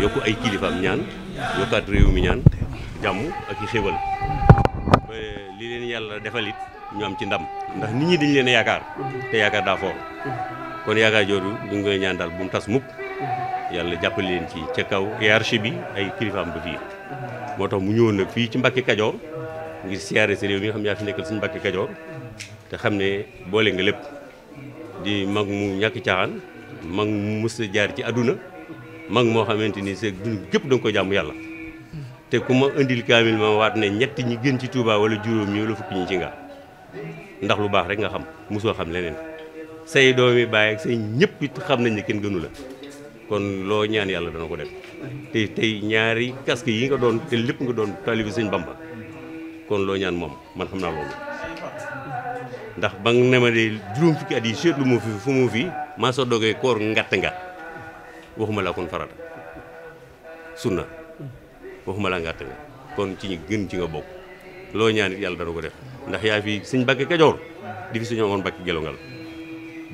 yokk ay kilifaam ñaan yokkaat réew mi ñaan jàmm ak i xéwal li leen yàlla defal it ñu am ci ndam ndax nit ñi dañ leen a yaakaar te yaakaar daa foor kon yaakaar jooju ñu ngi koy ñaan daal bu mu tas mukk yàlla jàppale leen ci ca kaw hiérarchie bi ay kilifaam ba fii moo tax mu ñëwoon nag fii ci mbakki Kajoor ngir siyaare sa réew mi nga xam yaa fi nekkal suñu Mbàkke Kajoor te xam ne boole nga lépp di mag mu ñàkk caaxaan mag mu mës jaar ci àdduna mag moo xamante ni sa dund gépp da ko jàmm yàlla te ku ma indil kaamil ma waat ne ñett ñi gën ci Touba wala juróom ñi wala fukki ñi ci nga ndax lu baax rek nga xam mosoo xam leneen say yi bàyyi ak say ñëpp xam nañ ne kenn gënu la kon loo ñaan yàlla dana ko def te tey ñaari casque yi nga doon te lépp nga doon taalibi sëñ Bamba kon loo ñaan moom man xam naa loolu ndax ba nga ne ma de juróom fukki at yi seetlu moo fi fu mu fi maa soo dogee koor ngatt nga waxuma laa kon farata sunna waxuma laa ngàtt nga kon ci gën ci nga bokk loo ñaan yàlla dana ko def ndax yaa fi sëñ Mbàkke Kajoor di fi suñu amoon Mbàkke Gelongal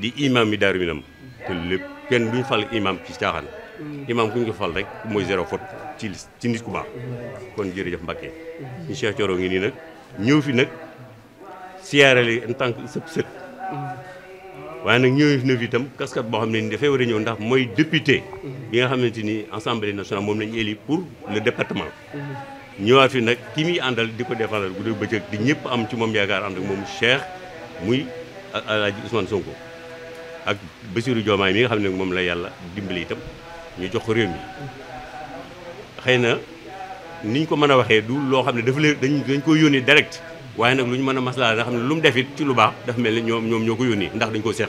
di imam mi daaru minam te lépp kenn duñ fal imam ci caaxaan imam kuñ ko fal rek mooy zéro faute ci ci nit ku baax kon jërëjëf Mbàkke ñu Cheikh Thioro ngi nii nag ñëw fi nag siyaarale en sëp sët waaye nag ñëwee fi na fi itam kaskat boo xam ne ni dafay war a ñëw ndax mooy député bi nga xamante ni assemblée nationale moom lañu éli pour le département ñëwaat fi nag ki muy àndal di ko défendal guddi bëccëg di ñëpp am ci moom yaakaar ànd ak moom Cheikh muy Alaaji Ousmane Sonko ak Bassirou Diomaye mi nga xam ne moom la yàlla dimbali itam ñu jox ko réew mi xëy na ni ñu ko mën a waxee du loo xam ne dafa leen dañ dañ ko yónnee direct waaye nag lu ñu mën a maslaa nga xam ne lu mu def it ci lu baax dafa mel ni ñoom ñoom ñoo ko yónni ndax dañ ko seq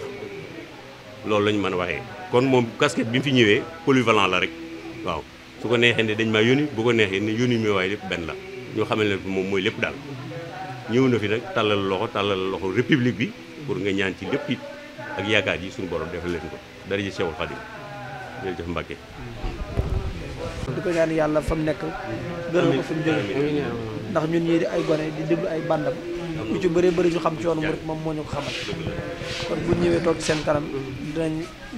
loolu la ñu mën a waxee kon moom casquette bi mu fi ñëwee polyvalent la rek waaw su ko neexee ne dañ maa yónni bu ko neexee ne yónni mi waaye lépp benn la ñoo xamal ne moom mooy lépp daal ñëw na fi nag tàllal loxo tàllal loxo république bi pour nga ñaan ci lépp it ak yaakaar yi suñu borom def leen ko dara ji Cheikhul Khadim jërëjëf Mbacke di ndax ñun ñii di ay gone di déglu ay bandam lu ci bëree bëri ñu xam ci yoonu moom moo ñu ko xamal kon bu ñëwee toog ci seen kanam dinañ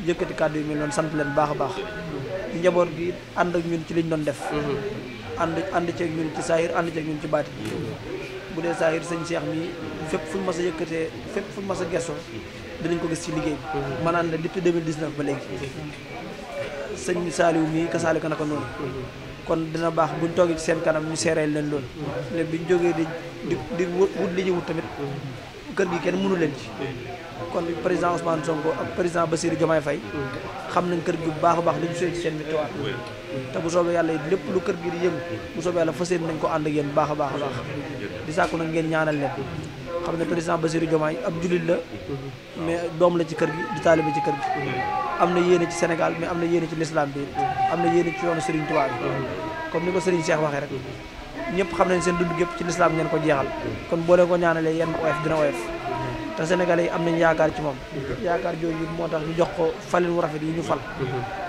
yëkkati kàddu yu mel noonu sant leen baax a baax njaboot gi ànd ak ñun ci liñ doon def ànd ànd ceeg ñun ci saahir ànd ceeg ñun ci baati bu dee saahir sëñ Cheikh mi fépp fu ñu mas a fépp fu ñu mas a gestoo dinañ ko gis ci liggéey bi maanaam la depuis 2019 ba léegi sëñ Saliou mii kasaalika naka noonu kon dina baax buñ toogee ci seen kanam ñu seeree leen loolu lépp bi ñu jógee di di di wut li ñu tamit kër gi kenn mënu leen ci kon président Ousmane Sonko ak président Bassirou Diomaye fay xam nañ kër gi bu baax a baax li ñu seen ci seen victoire te bu soobee yàlla it lépp lu kër gi di yëngu bu soobee yàlla fas yéene nañ ko ànd ak yéen baax a baax a baax di sàkku nag ngeen ñaanal leen xam ne président Bassirou Diomaye ab jullit la mais doom la ci kër gi di taalibe ci kër am na yéene ci Sénégal mais am na yéene ci l'islam am na yéen ci yoonu Serigne Touba bi comme ni ko Serigne Cheikh waxee rek ñëpp xam nañ seen dund gépp ci lislaam ngeen ko jeexal kon boo ko ñaanalee yenn oyof dina oyof te sénégalais yi am nañ yaakaar ci moom yaakaar jooju moo tax ñu jox ko falin wu rafet yi ñu fal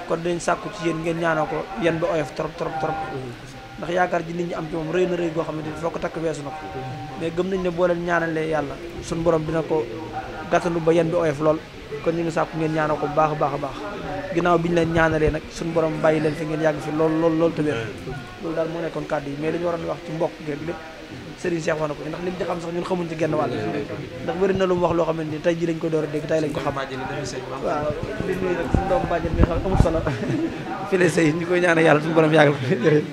kon dañ sàkku ci yéen ngeen ñaanoo ko yenn bi oyof trop trop trop ndax yaakaar ji nit ñi am ci moom rëy goo xamante ni foo ko takk weesu na ko gëm nañ ne boo leen ñaanalee yàlla suñu dina ko gàttandu ba yenn bi oyof lool kon ñu ngi sàkku ngeen ñaanoo ko bu baax a baax a baax ginnaaw bi ñu leen ñaanalee nag suñu borom bàyyi leen fi ngeen yàgg fi lool lool lool te wér loolu daal moo nekkoon kàddu yi mais li ñu waroon wax ci mbokk geeg lépp Serigne Cheikh wax na ko ndax liñ ci xam sax ñun xamuñ ci genn wàll ndax bëri na lu mu wax loo xamante ni tey ji lañ ko door a dégg tey lañ ko xam waaw li nuyu nag suñu doom bàjjen mi solo fi sëy ñu koy ñaane yàlla suñu borom yàggal ko fi jërëjëf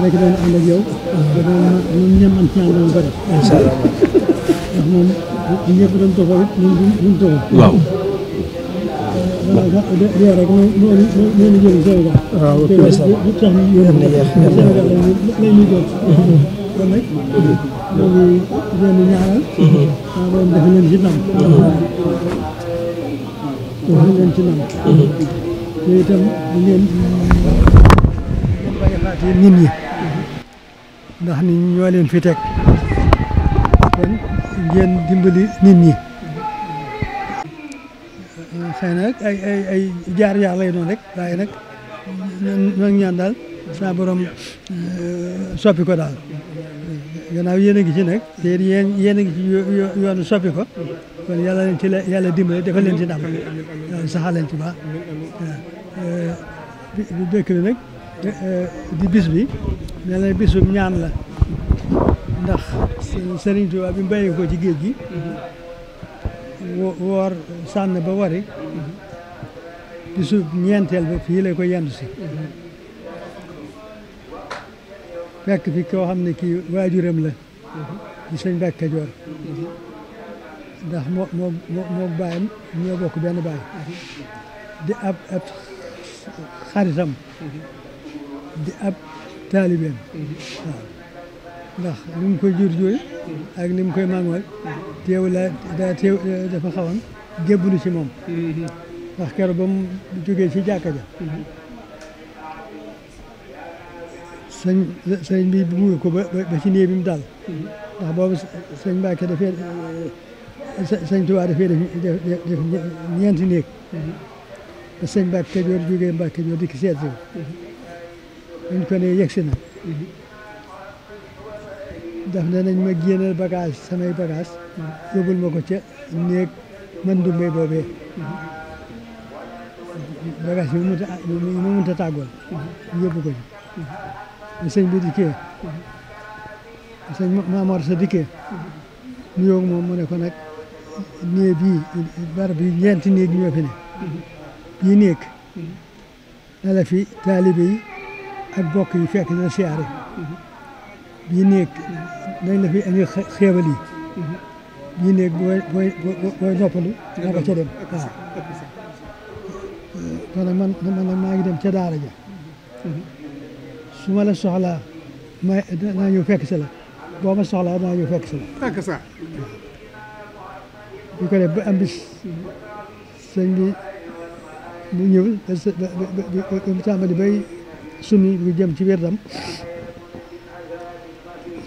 léegi doon ànd ak yow. ñun ñoom am ci ànd bu moom bu ñëpp doon toppal it ñun duñ toppal. waaw. waaw rek moo moo maa doon def leen ci ndam. Mhm. def leen ci ndam. Mhm. te itam ngeen. xalaati nit ñi ndax nit ñi ñoo leen fi teg kon ngeen dimbali nit ñi xëy na ay ay ay jaar jaar lay doon rek waaye nag ñoo ngi ñaan daal saa borom eh, soppi ko daal gannaaw yéen a ngi ci nag te yéen yéen a ngi ci yoonu soppi ko kon yàlla leen ci la yàlla dimbale defal leen ci ndam saxal leen ci baax waaw eh, dëkk bi nag Eh, eh, di bis bi nee na bisu ñaan la ndax Serigne Touba bi mu ko ci géej gi woor sànn ba wari bisu ñeenteel ba fii la ko yendu si fekk fi koo xam ne kii waajuram la ci sëñ Mbàkke Kajoor ndax moo moo moo bàyyam ñoo bokk benn bàyyi di ab ab xaritam di ab taalibeem waaw mhm. ndax li mu koy jur jur ak li mu koy màngool teew la daa teew dafa xawoon jébbalu ci moom mhm. ndax keroog ba mu jógee ci jàkka ja mhm. sëñ sëñ bi buur ko ba ci néeg mu dal ndax boobu sëñ Mbàkke dafee sëñ Tuubaa dafee def ñeenti néeg te sëñ Mbàkke Kajoor jógee Mbàkke Kajoor di seet si buñ ko nee yegsi na daf ne nañ ma génneel bagage samay bagage yóbbul ma ko ca néeg man dumbay boobee yi mu mënta yi mu mënta tàggool yóbbu ko ci sëñ bi dikkee sëñ Maamoor sa dikkee nuyoo moom mu ne ko nag néeg bii barab yi ñoo fi ne bii na la fi أبوكي فيك ذا شعري بينيك ليلة في أني خيابلي بينيك بوي بوي بوي بوي لما لما أقدم تدارجة سوى للسهلة ما لا يفك سلا قوم السهلة لا يفك سلا فك صح يقول أمس سنجي نيو بس بتعمل بي sunni bi jëm ci wérdam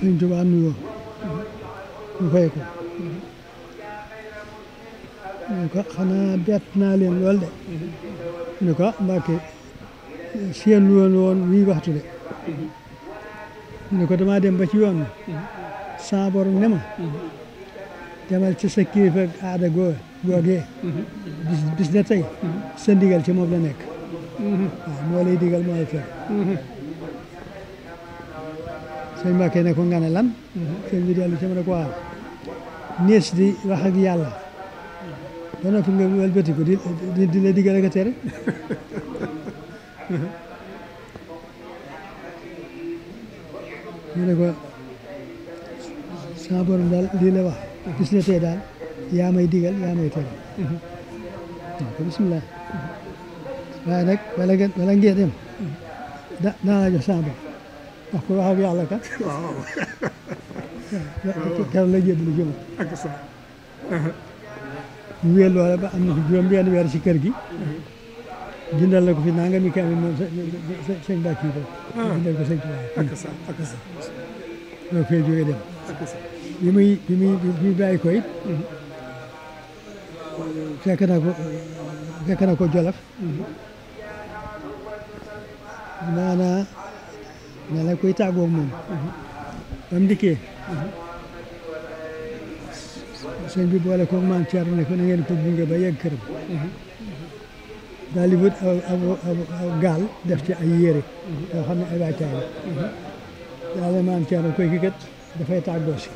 Sëriñ Tuubaa nuyoo ñu fay ko ñu ko xanaa bett naa leen lool de ñu ko ah, Mbàkke seen woon woon wii waxtu de ñu ko damaa dem ba ci yoon saa borom ne ma demal ci sa kilifa aada goo googee bis bis ne tey ci moom la nekk waaw moo lay digal moo lay fekk sëñ Mbàkke ko nga ne lan sëñ bi dellu ci ma ne ko waaw nees di wax ak yàlla ba noppi nga wëlbati ko di di la digal ak a tere mu ne ko sama wax bis ne tey daal yaa may digal yaa may tere waaye nag bala ngeen bala ngeen dem hmm. da la jox sama bopp wax ak yàlla kat. waaw waaw waaw keroog la jébbalu jëm. ak mu wéyal loola ba am na fi juróom benn weer si kër gi. Hmm. jëndal la fi naa mi kaamil moom sa ah. sa doo fee jógee dem. ak sa bi muy bi muy bi muy bàyyi ko it. Hmm. maanaam ne la koy tàggoog moom ba mu dikkee sëñ boole koog maam Thierno ne ko na ngeen ko gunge ba yegg këram daal di gaal def ci ay yére yoo xam ne koy ki dafay tàggoo si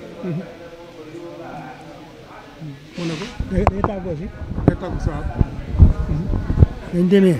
mu day tàggoo si day tàggoo si waaw demee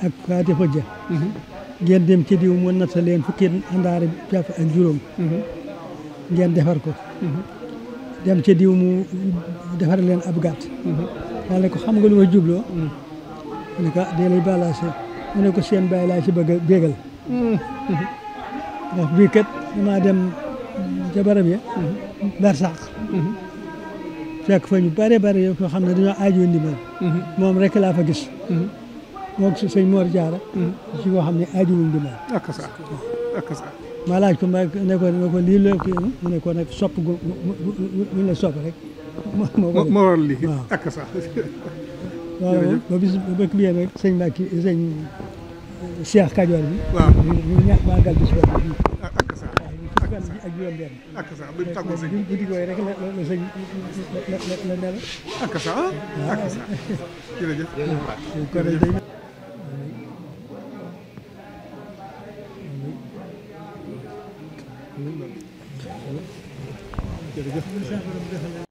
ak Faati Xujja ngeen dem ci diw mu natta leen fukki àndaare jàpp ak juróom ngeen defar ko dem ci diw mu defar leen ab gàtt daal ne ko xam nga lu ma jubloo mu ko ah, dee balaase mu ne ko seen bàyyi laa ci bëgg a bégal ndax bii kat damaa dem ca barab ya barsàq fekk fa ñu bare bare yoo xam ne dañoo aajoo ndimbal moom rek laa fa gis moog si sëñ Mor mm. xam ne aajowul ma. ak laaj ko ma ne ko ne la kii mu ne ko nag sopp gu gu la sopp rek. moo lii ak sa. waaw ba bis ba Kajoor bi. waaw ñu ñaax màggal bis ba. ak sa ak sa rek la la la la jërëjëf